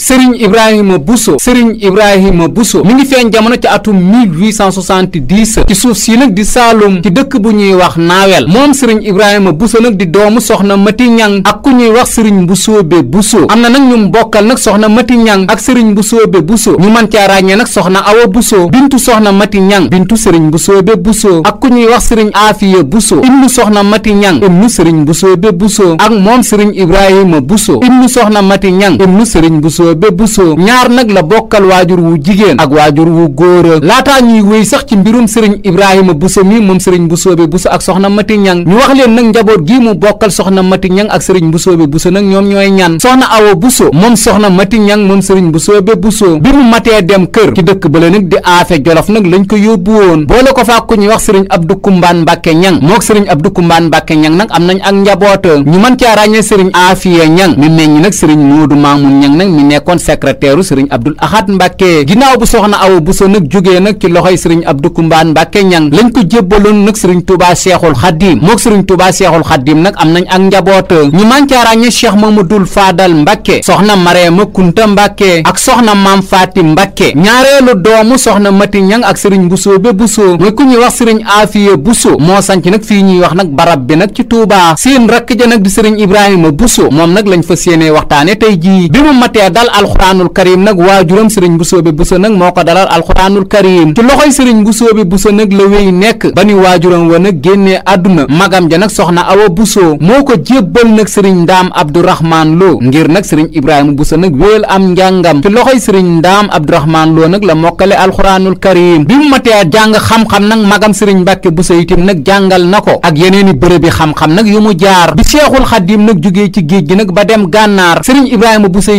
sëriñ ibrahima buso sëriñ ibrahima buso mu ngi feeñ jamono ci atum 1870 ci suuf sii nag di saalum ci dëkk bu ñuy wax naawel moom sëriñ ibrahima buso nag di doomu soxna mati ñang ak ku ñuy wax sëriñ mbusoobe buso am na nag ñum bokkal nag soxna mati ñang ak sëriñ mbusoobe buso ñu man caa ràññee nag soxna awa buso bintu soxna mati ñang bintu sëriñ mbusoobe buso ak ku ñuy wax sëriñ aafiya buso ibnu soxna mati ñang ibnu sëriñ mbusoobe buso ak moom sëriñ ibrahima buso ibnu soxna mati ñang ibnu sëriñ mbusoo Kebe Bousso ñaar nag la bokkal waajur wu jigéen ak waajur wu góor laataa ñuy wéy sax ci mbirum sëriñ Ibrahima Bousso mi moom sëriñ Mbusoobe Bousso ak soxna Mati Ñang ñu wax leen nag njaboot gi mu bokkal soxna Mati Ñang ak sëriñ Mbusoobe Bousso nag ñoom ñooy ñan soxna Awa Bousso moom soxna Mati Ñang moom sëriñ Mbusoobe Bousso bi mu matee dem kër ci dëkk bale nag di aafe jolof nag lañ ko yóbbu woon boole ko fa ku ñuy wax sëriñ Abdu Kumbaan Mbàkke Ñang mook sëriñ Abdu Kumbaan Mbàkke Ñang nag am nañ ak njaboota ñu mën caa ràññee sëriñ Aafiya Ñang mi meññ nag sëriñ Moodu nekkoon secrétaire u sëriñ Abdul Ahad Mbàkke ginnaaw bu soxna Awa Buso nag jógee nag ci loxoy sëriñ Abdu Kumbaan Mbàkke ñang lañ ko jébbaloon nag sëriñ Touba Seexul Xaddiim mook sëriñ Touba Seexul Xaddiim nag am nañ ak njaboot ñu ma Cheikh Mamadul Faadal Mbàkke soxna Mareema Kunta Mbàkke ak soxna Maam Faati Mbàkke ñaareelu doomu soxna Mati Ñang ak sëriñ Busoobe Busoo mooy ku ñuy wax sëriñ Aafiye Buso moo sanc nag fii ñuy wax nag barab bi nag ci Touba seen rakk ja nag di sëriñ Ibrahima Buso moom nag lañ fa séenee waxtaane dalal alxuraanul karim nag waajuram sëriñ bu soobe bu sa nag moo ko dalal alxuraanul karim ci loxoy sëriñ bu soobe bu sa la wéy nekk ba ni waajuram wa nag génnee àdduna magam ja nag soxna awa busoo moo ko jébbal nag sëriñ ndaam abdourahmaan loo ngir nag sëriñ ibrahima bu sa nag wéel am njàngam ci loxoy sëriñ ndaam abdourahmaan loo nag la mokkale alxuraanul karim bi mu matee jàng xam-xam nag magam sëriñ mbàkke bu sa itim nag jàngal na ko ak yeneeni bërëbi bi seexul xaddim nag jógee ci géej gi nag ba dem gànnaar sëriñ ibrahima bu sa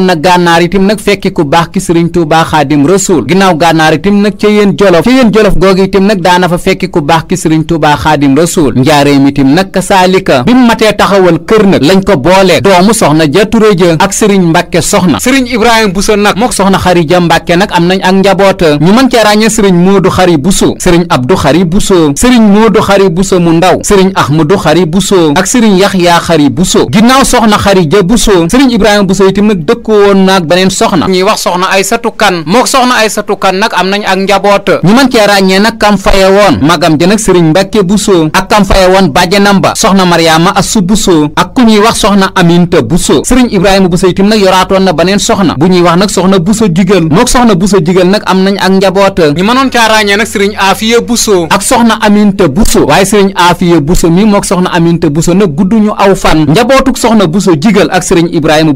demoon na gànnaar itam nag fekki ku baax ki sëriñ Tuubaa Xaadim Rasuul ginnaaw gànnaar itam nag ca yéen jolof ca yéen jolof googu itam nag daana fa fekki ku baax ki sëriñ Tuubaa Xaadim Rasuul njaareem itam nag kasaalika bi mu matee taxawal kër nag lañ ko boolee doomu soxna ja Turé ja ak sëriñ Mbàkke soxna sëriñ Ibrahima Buso nag mook soxna Xarija Mbàkke nag am nañ ak njaboota ñu mën cee ràññee sëriñ Moodu Xari Buso sëriñ Abdu Xari Buso sëriñ Moodu Xari Buso mu ndaw sëriñ Ahmadu Xari Buso ak sëriñ Yaxya Xari Buso ginnaaw soxna Xarija Buso sëriñ Ibrahima Buso itam nag dëkk jokkoo woon naag beneen soxna ñuy wax soxna Aysatu Kan mook soxna Aysatu Kan nag am nañ ak njaboota ñu mën cee ràññee nag kam faye woon magam ja nag sëriñ Mbàkke Buso ak kam faye woon nam ba soxna Mariyaama Asu Buso ak ku ñuy wax soxna Aminta Buso sëriñ Ibrahima Buso itam nag yoraatoon na beneen soxna bu ñuy wax nag soxna Buso Jigal mook soxna Buso Jigal nag am nañ ak njaboota ñi mënoon caa ràññee nag sëriñ Afiya Buso ak soxna Aminta Buso waaye sëriñ Afiya Buso mi mook soxna Aminta Buso nag gudd ñu aw fan njabootug soxna Buso Jigal ak sëriñ Ibrahima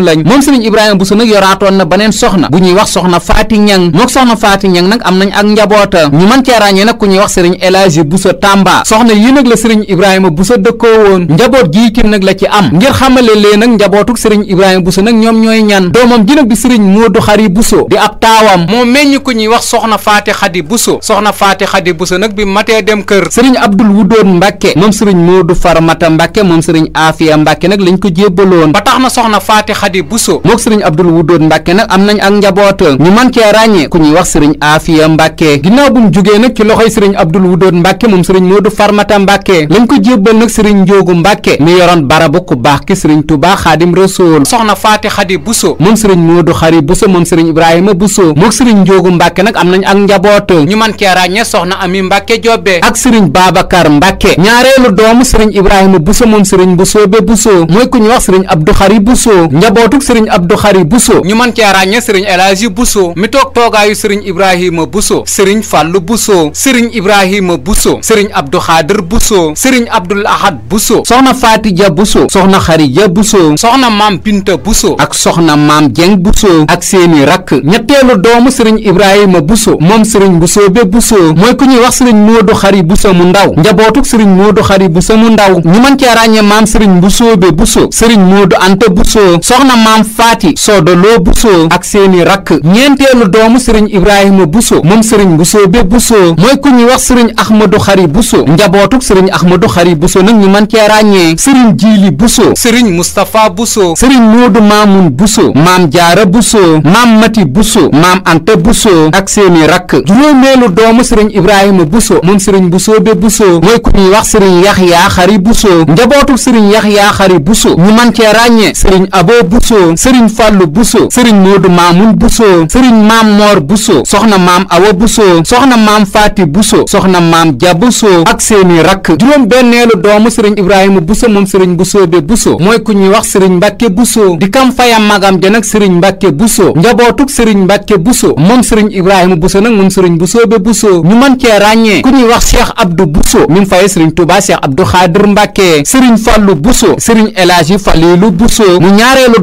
ñu lañ moom sëriñ Ibrahima Bousso nag yoraatoon na baneen soxna bu ñuy wax soxna faati ñang mook soxna faati ñang nag am nañ ak njaboota ñu mën cee ràññee nag ku ñuy wax sëriñ El Hadji Bousso Tamba soxna yi nag la sëriñ Ibrahima Bousso dëkkoo woon njaboot gi itam nag la ci am ngir xamale lee nag njabootuk sëriñ Ibrahima Bousso nag ñoom ñooy ñan doomam ji nag di sëriñ Modou Xari Bousso di ab taawam moo meññ ku ñuy wax soxna faati xadi Bousso soxna faati xadi Bousso nag bi matee dem kër sëriñ Abdul Wudoon Mbàkke moom sëriñ Modou Farmata Mbàkke moom sëriñ Afia Mbàkke nag lañ ko jébbaloon ba na soxna faati Khady Bousso mook sëriñ Abdul Wudood Mbàkke nag am nañ ak njaboot ñu man cee ràññee ku ñuy wax sëriñ Afiya Mbàkke ginnaaw bu mu jugee nag ci loxoy sëriñ Abdul Wudood Mbàkke moom sëriñ Moodu Farmata Mbàkke lañ ko jébbal nag sëriñ Njoogu Mbàkke mi yoroon barabu ku baax ki sëriñ Tuubaa Xaadim Rasuul soxna Faati Khady Bousso moom sëriñ Moodu Xari Bousso moom sëriñ Ibrahima Bousso mook sëriñ Njoogu Mbàkke nag am nañ ak njaboot ñu man cee ràññee soxna Ami Mbàkke Jobbe ak sëriñ Babacar Mbàkke ñaareelu doomu sëriñ Ibrahima Bousso moom sëriñ Mbusoobe Bousso mooy ku ñuy wax sëriñ Abdu Xari Bousso njaboot njabootuk sëriñ Abdou Khari Bousso ñu mën cee ràññe sëriñ El Hadji Bousso mi toog toogaayu sëriñ Ibrahima Bousso sëriñ Fallou Bousso sëriñ Ibrahima Bousso sëriñ Abdou Khader Bousso sëriñ Abdoul Ahad Bousso soxna Fatija Bousso soxna Xarija Bousso soxna Maam Pinta Bousso ak soxna Maam Jeng Bousso ak seeni rakk ñetteelu doomu sëriñ Ibrahima Bousso moom sëriñ Bousso be Bousso mooy ku ñuy wax sëriñ Modou Khari Bousso mu ndaw njabootuk sëriñ Modou Khari Bousso mu ndaw ñu mën cee ràññe maam sëriñ Bousso be Bousso sëriñ Modou Anta Bousso soxna maam faati soodaloo busoo ak seeni rakk ñeenteelu doomu sëriñ ibrahima buso moom sëriñ busoo be busoo mooy ku ñuy wax sëriñ ahmadu xari buso njabootuk sëriñ ahmadu xari buso nag ñu mën cee ràññee sëriñ jiili buso sëriñ mustapha buso sëriñ moodu maamun buso maam jaara buso maam mati buso maam anta buso ak seeni rakk juróomeelu doomu sëriñ ibrahima buso moom sëriñ busoo be buso mooy ku ñuy wax sëriñ yaxyaa xari buso njabootuk sëriñ yaxyaa xari buso ñu mën cee Bousso sëriñ Fàllu Bousso sëriñ Moodu Maamun Bousso sëriñ maam Moor Bousso soxna maam Awa Bousso soxna maam Faati Bousso soxna maam Ja Bousso ak seeni rakk juróom benneelu doomu sëriñ Ibrahima Bousso moom sëriñ Bousso be Bousso mooy ku ñuy wax sëriñ Mbàkke Bousso di kam fayam magam ja nag sëriñ Mbàkke Bousso njabootug sëriñ Mbàkke Bousso moom sëriñ Ibrahima Bousso nag moom sëriñ Bousso be Bousso ñu man cee ràññee ku ñuy wax Cheikh Abdou Bousso mi ngi faye sëriñ Touba Cheikh Abdou Xaadir Mbàkke sëriñ Fàllu Bousso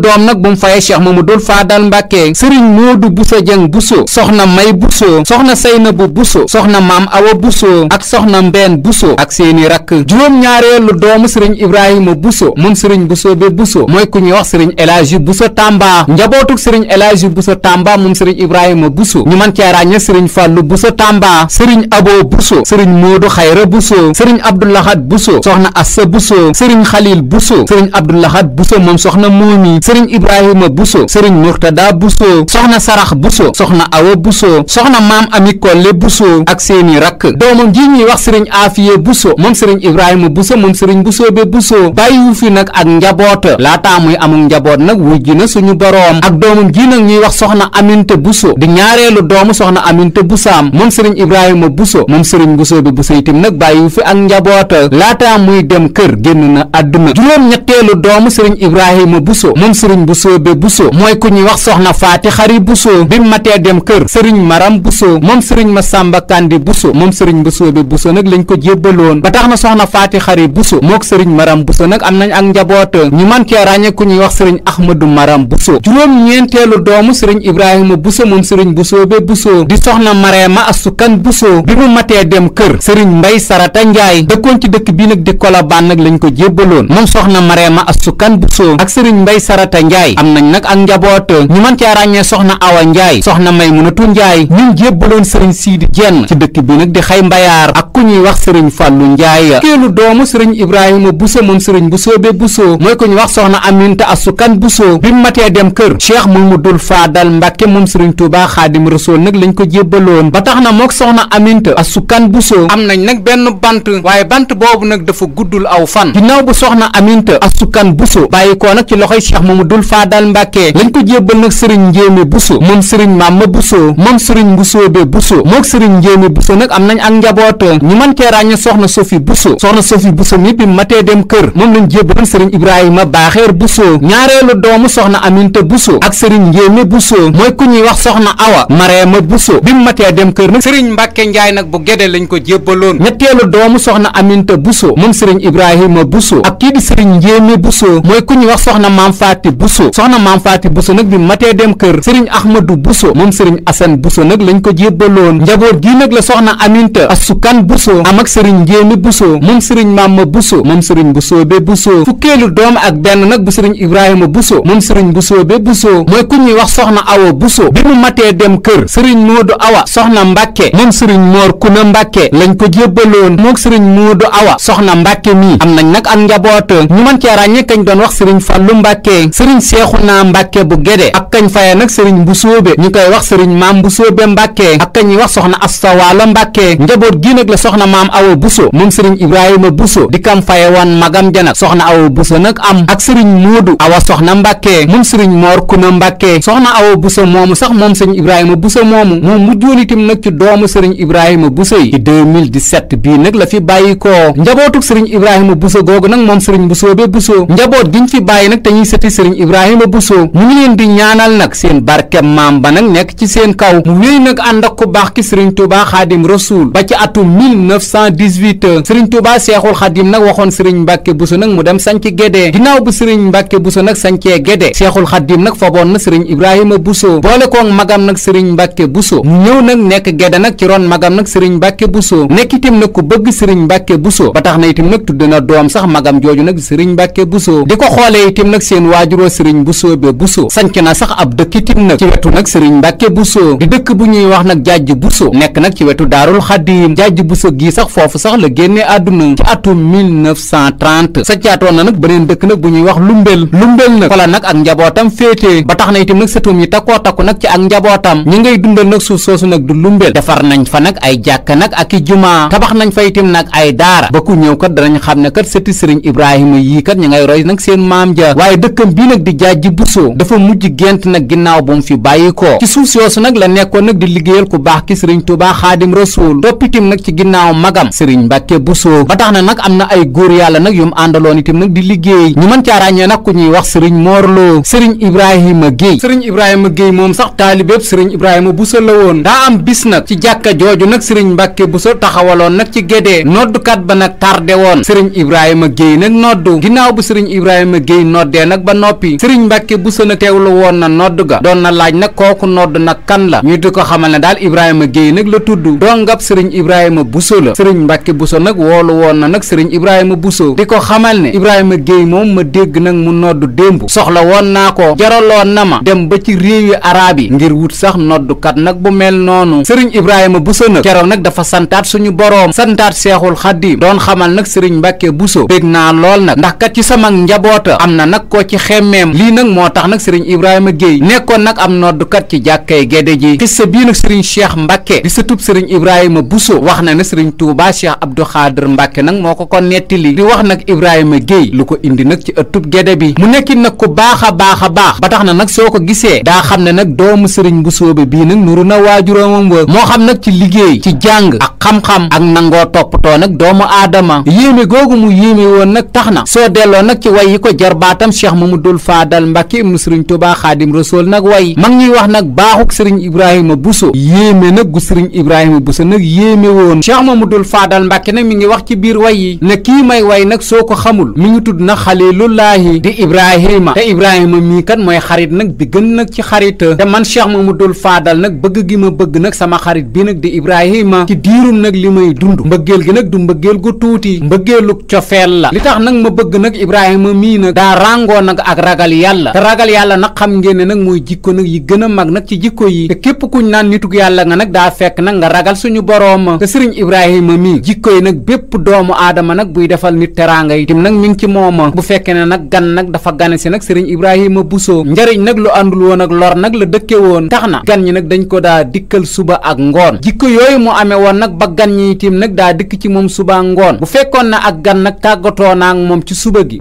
doom nag bu mu fayee cheikh mamadul faadal mbàkke sëriñ moodu busa jëng buso soxna may buso soxna sayna bu buso soxna maam awa buso ak soxna mbeen buso ak seeni rakk juróom-ñaareelu doomu sëriñ ibrahima buso moom sëriñ buso bi buso mooy ku ñuy wax sëriñ elaaji buso tàmba njabootuk sëriñ elaaji buso tàmba moom sëriñ ibrahima buso ñu mën cee ràññe sëriñ fàllu buso tàmba sëriñ abo buso sëriñ moodu xayra buso sëriñ abdulahat buso soxna assa buso sëriñ xalil buso sëriñ abdulahat buso moom soxna moomi sëriñ ibrahima buso sëriñ murtada buso soxna sarax buso soxna awa buso soxna maam ami kolle buso ak seeni rakk doomam ji ñuy wax sëriñ aafiye buso moom sëriñ ibrahima buso moom sëriñ buso be buso bàyyiwu fi nag ak njaboota laata muy amul njaboot nag wujj na suñu boroom ak doomam ji nag ñuy wax soxna aminte buso di ñaareelu doomu soxna aminte busaam moom sëriñ ibrahima buso moom sëriñ buso be buso itam nag bàyyiwu fi ak njaboota laataa muy dem kër génn na àdduna juróom ñetteelu doomu sëriñ ibrahima buso sëriñ Bousso be Bousso mooy ku ñuy wax soxna faati xari Bousso bi mu matee dem kër sëriñ maram Bousso moom sëriñ Masamba Kandi Bousso moom sëriñ Bousso be Bousso nag lañ ko jébbaloon ba tax na soxna faati xari Bousso mook sëriñ maram Bousso nag am nañ ak njaboota ñu man cee ràññee ku ñuy wax sëriñ Ahmadou maram Bousso juróom-ñeenteelu doomu sëriñ Ibrahima Bousso moom sëriñ Bousso bu soo di soxna Mareema Asukan Bousso bi mu matee dem kër sëriñ Mbay Sarata Njaay dëkkoon ci dëkk bii nag di Kolobaan nag lañ ko jébbaloon moom soxna Mareema Aminata Njaay am nañ nag ak njaboot ñu mën caa ràññee soxna Awa Njaay soxna Maymunatu Njaay ñun jébbaloon sëriñ Siidi Jenn ci dëkk bi nag di xay mbayaar ak ku ñuy wax sëriñ Fàllu Njaay keelu doomu sëriñ Ibrahima Buso moom sëriñ Busoobe Buso mooy ko ñu wax soxna Aminta Asukan Buso bi mu matee dem kër Cheikh Mamadul Faadal Mbàkke moom sëriñ Tuubaa Xaadim Rasuul nag lañ ko jébbaloon ba tax na mook soxna Aminta Asukan Buso am nañ nag benn bant waaye bant boobu nag dafa guddul aw fan ginnaaw bu soxna Aminta Asukan Buso bàyyi ko nag ci loxoy Cheikh Mamadul Faadal Mbàkke lañ ko jébbal nag sëriñ Njéeme Buso moom sëriñ Mamma Buso moom sëriñ Mbusoobe Buso mook sëriñ Njéeme Buso nag am nañ ak njaboot ñu mën cee ràññe soxna Sofi Buso soxna Sofi Buso mi bi matee dem kër moom lañ jébbaloon sëriñ Ibrahima Baaxeer Buso ñaareelu doomu soxna Aminta Buso ak sëriñ Njéeme Buso mooy ku ñuy wax soxna Awa Mareema Buso bi mu matee dem kër nag sëriñ Mbàkke Njaay nag bu gede lañ ko jébbaloon ñetteelu doomu soxna Aminta Buso moom sëriñ Ibrahima Buso ak kii di sëriñ Njéeme Buso mooy ku ñuy wax soxna Maam Faati Faty Bousso soxna maam Faty Bousso nag bi matee dem kër sëriñ Ahmadou Bousso moom sëriñ Assane Bousso nag lañ ko jébbaloon njaboot gii nag la soxna Aminta Asukan Bousso am ak sëriñ Njéemi Bousso moom sëriñ Mama Bousso moom sëriñ Boussobé Bousso fukkeelu doom ak benn nag bu sëriñ Ibrahima Bousso moom sëriñ Boussobé Bousso mooy ku ñuy wax soxna Awa Bousso bi mu matee dem kër sëriñ Modou Awa soxna Mbàkke moom sëriñ Moor Kuna Mbàkke lañ ko jébbaloon mook sëriñ Modou Awa soxna Mbàkke mi am nañ nag ak njaboot ñu mën wax sëriñ Fàllu sëriñ Seexuna Mbàkke bu Gédé ak kañ faye nag sëriñ bu sóobe ñu koy wax sëriñ maam bu sóobe Mbàkke ak kañ ñuy wax soxna Asta Waalo Mbàkke njaboot gi nag la soxna maam Awa Buso moom sëriñ Ibrahima Buso di kam faye wan magam ja nag soxna Awa Buso nag am ak sëriñ Moodu Awa soxna Mbàkke moom sëriñ Moor Kuna Mbàkke soxna Awa Buso moomu sax moom sëriñ Ibrahima Buso moomu moom mujjoon itam nag ci doomu sëriñ Ibrahima Buso yi ci 2017 bii nag la fi bàyyi ko njabootug sëriñ Ibrahima Buso googu nag moom sëriñ bu sóobe njaboot giñ fi bàyyi nag te sëriñ Ibrahima Bousso mu ngi leen di ñaanal nag seen barkeb maam ba nag nekk ci seen kaw mu wéy nag ànd ak ku baax ki sëriñ Touba Xaadim Rasuul ba ci atum 1918 sëriñ Touba Seexul Xaadim nag waxoon sëriñ Mbàkke Bousso nag mu dem sanc Gédé ginnaaw bu sëriñ Mbàkke Bousso nag sancee Gédé Seexul Xaadim nag faboon na sëriñ Ibrahima Bousso boole koog magam nag sëriñ Mbàkke Bousso mu ñëw nag nekk Gédé nag ci ron magam nag sëriñ Mbàkke Bousso nekk itam nag ku bëgg sëriñ Mbàkke Bousso ba tax na itam nag tudd doom sax magam jooju nag sëriñ Mbàkke turoo sëriñ Bousso be Bousso sanc na sax ab dëkkitim nag ci wetu nag sëriñ Mbàkke Bousso di dëkk bu ñuy wax nag Jaaj Bousso nekk nag ci wetu daarul Xaddiim Jaaj Bousso gii sax foofu sax la génne àdduna ci atum 1930 sancaatoon na nag beneen dëkk nag bu ñuy wax lumbel lumbel nag fala nag ak njabootam féetee ba tax na itam nag sëtum yi takkoo takku nag ci ak njabootam ñi ngay dundal nag suuf soosu nag du lumbel defar nañ fa nag ay jàkk nag ak i jumaa tabax nañ fa itam nag ay daara ba ñëw kat danañ xam ne kat sëti sëriñ Ibrahima yii kat ñi ngay roy nag seen maam ja mii nag di jaaji busoo dafa mujj gént nag ginnaaw bu mu fi bàyyi ko ci suuf soosu nag la nekkoon nag di liggéeyal ku baax ki sëriñ tubaa xaadim rasuul toppitim nag ci ginnaaw magam sëriñ mbàkke busoo ba tax na nag am na ay góor yàlla nag yu mu àndaloon itam nag di liggéey ñu mën caa ràññee nag ku ñuy wax sëriñ moorloo sëriñ ibrahima géey sëriñ ibrahima géey moom sax taalibépp sëriñ ibrahima buso sa woon daa am bis nag ci jàkka jooju nag sëriñ mbàkke buso taxawaloon nag ci gédee noddukat ba nag tarde woon sëriñ ibrahima géey nag noddu ginnaaw bu sëriñ ibrahima géey noddee nag ba noppi noppi sëriñ Mbàkke Buso nag teewlu woon na nodd ga doon na laaj nag kooku nodd nag kan la ñu di ko xamal ne daal Ibrahima Guèye nag la tudd dongab sëriñ Ibrahima Buso la sëriñ Mbàkke Buso nag woolu woon na nag sëriñ Ibrahima Buso di ko xamal ne Ibrahima Guèye moom ma dégg nag mu nodd démb soxla woon naa ko jaraloon na ma dem ba ci réewi araab yi ngir wut sax noddukat nag bu mel noonu sëriñ Ibrahima Buso nag keroog nag dafa santaat suñu boroom santaat seexul xaddim doon xamal nag sëriñ Mbàkke xemmeem lii nag moo tax nag sëriñ Ibrahima Guèye nekkoon nag am noddukat ci jàkkay Gédé ji xissa bii nag sëriñ Cheikh Mbacke di sëtub sëriñ Ibrahima Bousso wax na ne sëriñ Touba Cheikh Abdou Khader Mbacke nag moo ko ko li di wax nag Ibrahima Guèye lu ko indi nag ci ëttub Gédé bi mu nekkin nag ko baax a baax a baax ba tax na nag soo ko gisee daa xam ne nag doomu sëriñ Bousso bi bii nag nuru na waa waajuramam wa moo xam nag ci liggéey ci jàng ak xam nangoo toppatoo nag doomu aadama Abdoul Fadal Mbacke ibnu sëriñ Touba Xaadim Rasuul nag way mag ñuy wax nag baaxuk sëriñ Ibrahima Bousso yéeme nag gu sëriñ Ibrahima Bousso nag yéeme woon Cheikh Mamadou Fadal Mbacke nag mi ngi wax ci biir way yi ne kii may way nag soo ko xamul mi ngi tudd nag xalilullaahi di Ibrahima te Ibrahima mii kat mooy xarit nag bi gën nag ci xarit te man mu Mamadou Fadal nag bëgg gi ma bëgg nag sama xarit bi nag di Ibrahima ci diirum nag li may dund mbëggeel gi nag du mbëggeel gu tuuti mbëggeelug cofeel la li ak ragal yàlla te ragal yàlla nag xam ngeen ne nag mooy jikko nag yi gën a mag nag ci jikko yi te képp kuñ naan nitug yàlla nga nag daa fekk nag nga ragal suñu borooma te sëriñ ibrahima mi jikko yi nag bépp doomu aadama nag buy defal nit teraanga yi tim nag mi ngi ci mooma bu fekkee ne nag gan nag dafa gane si nag sëriñ ibrahima busoo njariñ nag lu àndul woon ak lor nag la dëkke woon tax na gan ñi nag dañ ko daa dikkal suba ak ngoon jikko yooyu mu amee woon nag ba gan ñi tim nag daa dikk ci moom suba ngoon bu fekkoon ak gan nag tàggatoo naa ak moom ci suba gi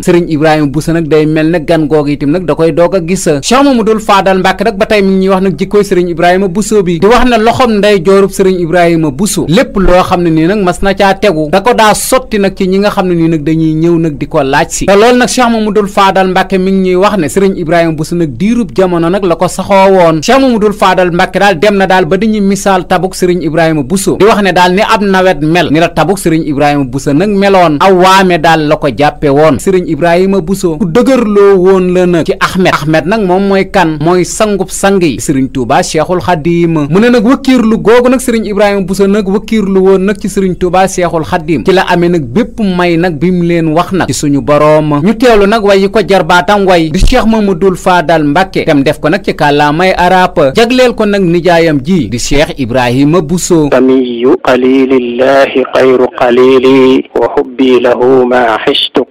gan sëriñ Ibrahima Bousso nag day mel ne gan googu itam nag da koy doog a gis Cheikh Mamadou Fadal Mbacke nag ba tey mi ngi ñuy wax nag jikkooy sëriñ Ibrahima Bousso bi di wax ne loxom nday joorub sëriñ Ibrahima Bousso lépp loo xam ne nii nag mas na caa tegu da ko daa sotti nag ci ñi nga xam ne nii nag dañuy ñëw nag di ko laaj si te loolu nag Cheikh Mamadou Fadal Mbacke mi ngi ñuy wax ne sëriñ Ibrahima Bousso nag diirub jamono nag la ko saxoo woon mu dul faadal Mbacke daal dem na daal ba dañuy misaal tabuk sëriñ Ibrahima Bousso di wax ne daal ni ab nawet mel ni la tabuk sëriñ Ibrahima Bousso nag meloon aw waame daal la ko jàppe woon sëriñ Ibrahima Bousso ku dëgërloo woon la nag ci Ahmed Ahmed nag moom mooy kan mooy sangub sang yi sëriñ Touba Cheikhul Khadim mu ne nag wëkkiirlu googu nag sëriñ Ibrahima Bousso nag wëkkiirlu woon nag ci sëriñ Touba Cheikhul Khadim ci la amee nag bépp may nag bi mu leen wax nag ci suñu boroom ñu teewlu nag way yi ko jarbaatam way di Cheikh Mamadou Fadal Mbacke dem def ko nag ci kàllaamay arab jagleel ko nag nijaayam ji di Cheikh Ibrahima Bousso samiyu qalilillahi ma xishtu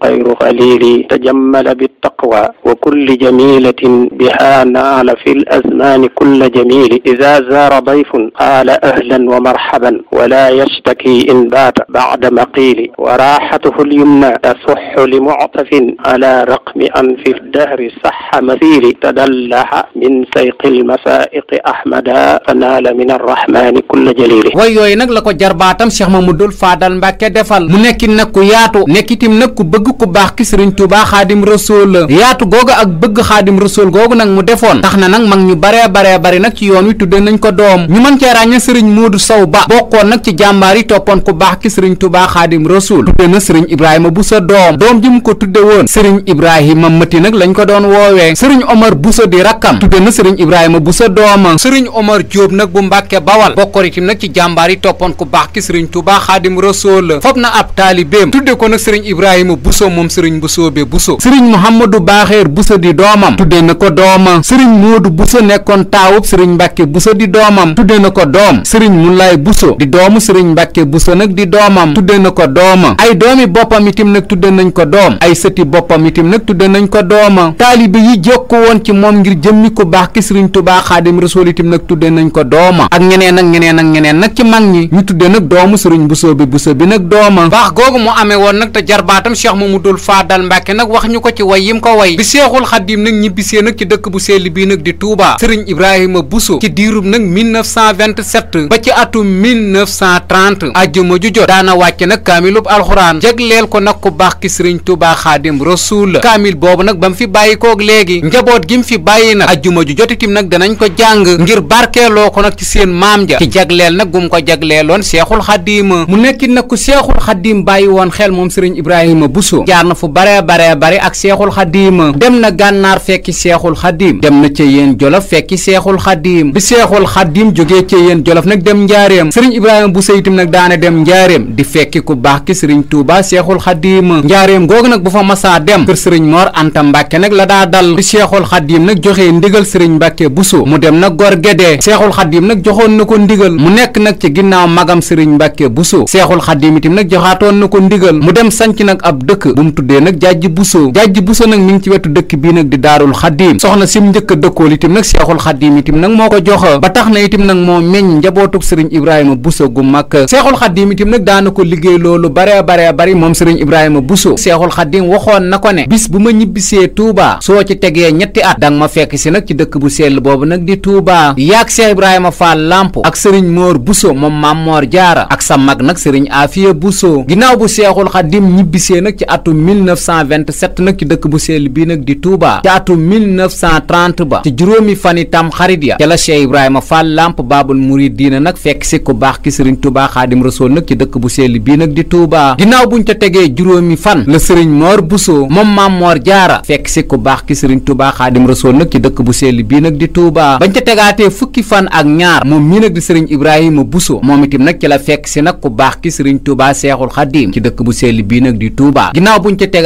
الجميل تجمل بالتقوى وكل جميلة بها نال في الأزمان كل جميل إذا زار ضيف قال أهلا ومرحبا ولا يشتكي إن بات بعد مقيل وراحته اليمنى تصح لمعطف على رقم أنف الدهر صح مثيل تدلح من سيق المسائق أحمدا فنال من الرحمن كل جليل way yooyu nag la ko jarbaatam Cheikh Mamadou Fadal Mbacke defal mu nekkin nag ku yaatu nekkitim nag ku bëgg ku baax ki sëriñ Tuubaa xaadim rasuul la yaatu googu ak bëgg xaadim rasuul googu nag mu defoon tax na nag mag ñu baree baree bari nag ci yoon wi tudde nañ ko doom ñu mën cee ràññe sëriñ Moodu Sow Ba bokkoon nag ci jàmbaar yi toppoon ku baax ki sëriñ Tuubaa xaadim rasuul tudde na sëriñ Ibrahima Bousso ko tudde woon sëriñ Ibrahima Mati nag lañ ko doon woowee sëriñ Omar Bousso di rakkam tudde na sëriñ Ibrahima Bousso doom sëriñ Omar Jóob nag bu Mbàkke Bawal bokkoon itam nag ci jàmbaar yi toppoon ku baax ki sëriñ Tuubaa xaadim rasuul la fob na ab taalibeem tudde ko nag Soobe Buso sëriñ Mouhamadou Baaxeer Buso di doomam tudde na ko dooma sëriñ Moodu Buso nekkoon taawub sëriñ Mbàkke Buso di doomam tudde na ko doom sëriñ Mulaay Buso di doomu sëriñ Mbàkke Buso nag di doomam tudde na ko dooma ay doomi boppam itam nag tudde nañ ko doom ay sëti boppam itam nag tudde nañ ko dooma taalibe yi jokku woon ci moom ngir jëmmi ku baax ki sëriñ Tubaa Xaadim Rasuul itam nag tudde nañ ko dooma ak ñeneen ak ñeneen ak ñeneen nag ci mag ñi ñu tudde nag doomu sëriñ Buso bi Buso bi nag dooma baax googu mu amee woon Fall Mbàkke nag wax ñu ko ci way yim ko way bi Seexul Xaddiim nag ñibbisee nag ci dëkk bu sell bii nag di Touba Serigne Ibrahima Bousso ci diirub nag 1927 ba ci atum 1930 àjjuma ju jot daana wàcc nag kaamilub alxuraan jagleel ko nag ku baax ki Serigne Touba Xaadim Rasuul la kaamil boobu nag ba mu fi bàyyi kook léegi njaboot gi mu fi bàyyi nag àjjuma ju jotitim nag danañ ko jàng ngir barkeeloo ko nag ci seen maam ja ci jagleel nag gum ko jagleeloon Seexul Xaddiim mu nekkit nag ku Seexul Xaddiim bàyyi woon xel moom Serigne Ibrahima Bousso jaar na bare bare bare ak seexul xadiima dem na gànnaar fekki seexul xadiim dem na ca yéen jolof fekki seexul xadiim bi seexul xadiim jógee ca yéen jolof nag dem njaareem sëriñ ibrahima bu seytim nag daana dem njaareem di fekki ku baax ki sëriñ tuuba seexul xadiima njaareem googu nag bu fa masaa dem kër sëriñ moor anta mbàkke nag la daa dal bi seexul xadiim nag joxee ndigal sëriñ mbàkke buso mu dem nag gor gedee seexul xadiim nag joxoon na ko ndigal mu nekk nag ci ginnaaw magam sëriñ mbàkke buso nag jajj buso jajj buso nag mi ngi ci wetu dëkk bii nag di daarul xaddiim soxna sim njëkk a dëkkool itam nag seexul xaddiim itam nag moo ko jox ba tax na itam nag moo meññ njabootug sëriñ ibrahima buso gu mag seexul xaddiim itam nag daana liggéey loolu bare bare bari moom sëriñ ibrahima buso seexul xaddiim waxoon na ko ne bis bu ma ñibbisee tuubaa soo ci tegee ñetti at danga ma fekk si nag ci dëkk bu sell boobu nag di tuubaa yaag seex ibrahima faal lamp ak sëriñ ak sa mag nag sëriñ afiya buso ginnaaw bu seexul xaddiim ñibbisee nag ci atu 1927 nag ci dëkk bu sell bii nag di Touba ci atum 1930 ba ci juróomi fan itam xarit ya ca la Cheikh Ibrahima Fall Lamp Baabul Muridiina nag fekk si ku baax ki Serigne Touba Xaadim Rasuul nag ci dëkk bu sell bii nag di Touba ginnaaw buñ ca tegee juróomi fan la Serigne Mor Bousso moom maam Mor fekk si ku baax ki Serigne Touba Xaadim Rasuul nag ci dëkk bu sell bii nag di Touba bañ ca tegaatee fukki fan ak ñaar moom mii nag di Serigne Ibrahima Bousso moom itam nag ci la fekk si nag ku baax ki Serigne Touba Seexul Xaadim ci dëkk bu sell bii nag di tuubaa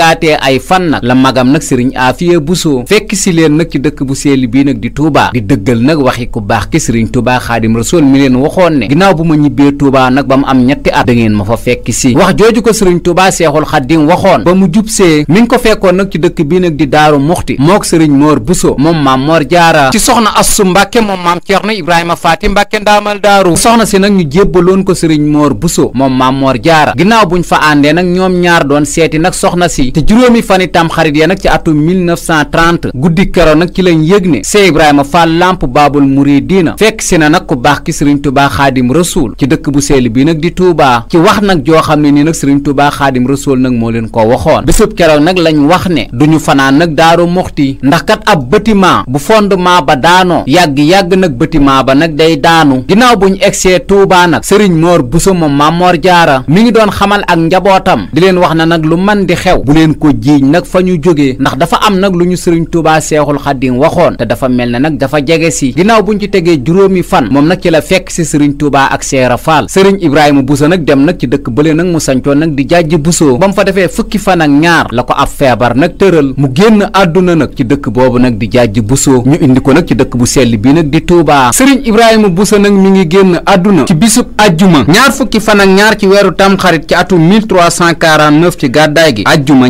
tegaatee ay fan nag la magam nag sëriñ Afia Bousso fekk leen nag ci dëkk bu sell bii nag di Touba di dëggal nag waxi ku baax ki sëriñ Touba Xaadim Rasool mi leen waxoon ne ginnaaw bu ma ñibbee Touba nag ba mu am ñetti at da ma fa fekk si wax jooju ko sëriñ Touba Seexul Xaadim waxoon ba mu jub see mi ngi ko fekkoon nag ci dëkk bii nag di Daaru Muxti mook sëriñ Moor Bousso moom maam Moor Jaara ci soxna Assu Mbàkke moom maam Ceerno Ibrahima Faati Mbàkke ndaamal daaru soxna si nag ñu jébbaloon ko sëriñ Moor Bousso moom maam Moor Jaara ginnaaw buñ fa àndee nag ñoom ñaar doon seeti nag soxna te juróomi fani tam xarit ya nag ci atum 1930 guddi kero nag ci lañ yëg ne Sey Ibrahima Fall Lamp Baabul mu Muridiina fekk si na nag ku baax ki sëriñ Tuubaa Xaadim Rasuul ci dëkk bu sell bi nag di Tuubaa ci wax nag joo xam ne nii nag sëriñ Tuubaa Xaadim Rasuul nag moo leen ko waxoon bésub keroog nag lañ wax ne duñu fanaan nag daaru muxti ndax kat ab bâtiment bu fondement ba daanoo yàgg-yàgg nag bâtiment ba nag day daanu ginnaaw buñ egsee Tuubaa nag sëriñ Moor Buso moom Mamoor Jaara mi ngi doon xamal ak njabootam di leen wax na nag lu man di leen ko jiiñ nag fa ñu jógee ndax dafa am nag lu ñu sëriñ Tuubaa Seexul Xaddim waxoon te dafa mel ne nag dafa jege si ginnaaw buñ ci tegee juróomi fan moom nag ci la fekk si sëriñ Tuubaa ak Seera Faal sëriñ Ibrahima Buso nag dem nag ci dëkk bële nag mu sancoon nag di jàjj Buso ba mu fa defee fukki fan ak ñaar la ko ab feebar nag tëral mu génn àdduna nag ci dëkk boobu nag di jàjj Buso ñu indi ko nag ci dëkk bu sell bii nag di Tuubaa sëriñ Ibrahima Buso nag mi ngi génn àdduna ci bisub ajjuma ñaar fukki fan ak ñaar ci weeru tamxarit ci atum 1349 ci gàddaay gi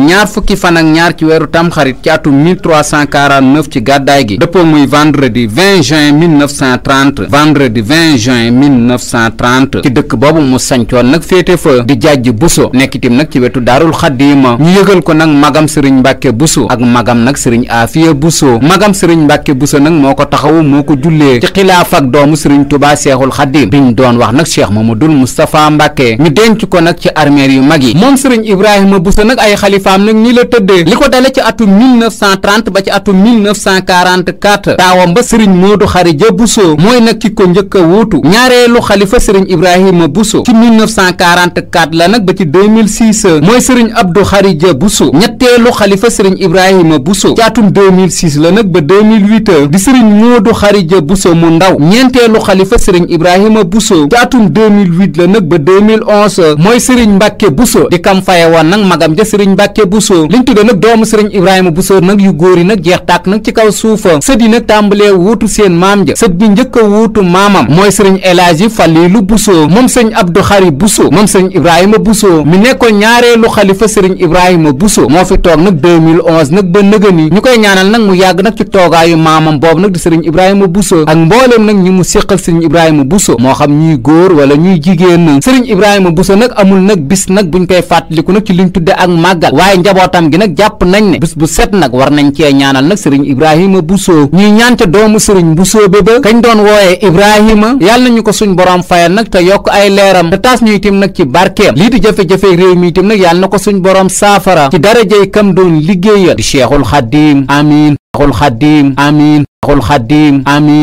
ñaar fukki fan ak ñaar ci weeru tamxarit ci atum 1349 ci gàddaay gi dëppoo muy vendredi 20 juin 1930 vendredi 20 juin 1930 ci dëkk boobu mu sancoon nag féete fa di jàjj buso nekk itam nag ci wetu daarul xaddiima ñu yëgal ko nag magam sëriñ mbàkke buso ak magam nag sëriñ aafiya buso magam sëriñ mbàkke buso nag moo ko taxawu moo ko jullee ci xilaaf ak doomu sëriñ tubaa seexul xaddiim ñu doon wax nag ma cheikh mamadul moustapha mbàkke ñu denc ko nag ci armeer yu mag yi moom sëriñ ibrahima am nag ni la tëddee li ko dale ci atum 1930 ba ci atum 1944 taawam ba sëriñ Moodu Xarija Buso mooy nag ki ko njëkk a wuutu ñaareelu xalifa sëriñ Ibrahima Buso ci 1944 la nag ba ci 2006 mooy sëriñ Abdu Xarija Buso ñetteelu xalifa sëriñ Ibrahima Buso ci atum 2006 la nag ba 2008 di sëriñ Moodu Xarija Buso mu ndaw ñeenteelu xalifa sëriñ Ibrahima Buso ci atum 2008 la nag ba 2011 mooy sëriñ Mbàkke Buso di kam faye woon nag magam ja sëriñ Mbàkke Mbàkke Bousso liñ tudde nag doomu sëriñ Ibrahima Bousso nag yu góor yi nag jeex tàkk nag ci kaw suufa sët yi tàmbalee wuutu seen maam ja sët bi njëkk a wuutu maamam mooy sëriñ Elaaji Faliilu Bousso moom sëriñ Abdou Xari Bousso moom sëriñ Ibrahima Bousso mi nekkoon ñaareelu xalifa sëriñ Ibrahima Bousso moo fi toog nag 2011 nag ba nëgëni ñu koy ñaanal nag mu yàgg nag ci toogaayu maamam boobu nag di sëriñ Ibrahima Bousso ak mbooleem nag ñi mu séqal sëriñ Ibrahima Bousso moo xam ñuy góor wala ñuy jigéen sëriñ Ibrahima Bousso nag amul nag bis nag buñ koy fàttaliku nag ci li ñu tudde ak màggal waaye njabootam gi nag jàpp nañ ne bés bu set nag war nañ cee ñaanal nag sëriñ Ibrahima Bousso ñuy ñaan ca doomu sëriñ Bousso ba ba kañ doon wooyee Ibrahima yàlla nañu ko suñ boroom fayal nag te yokk ay leeram te taas ñu itam nag ci barkeem lii di jafe-jafe réew mi itam nag yàlla na ko suñ borom saafara ci darajey kam doon liggéeyal di Cheikhul Xadim amiin Cheikhul Xadim amiin Cheikhul Xadim amiin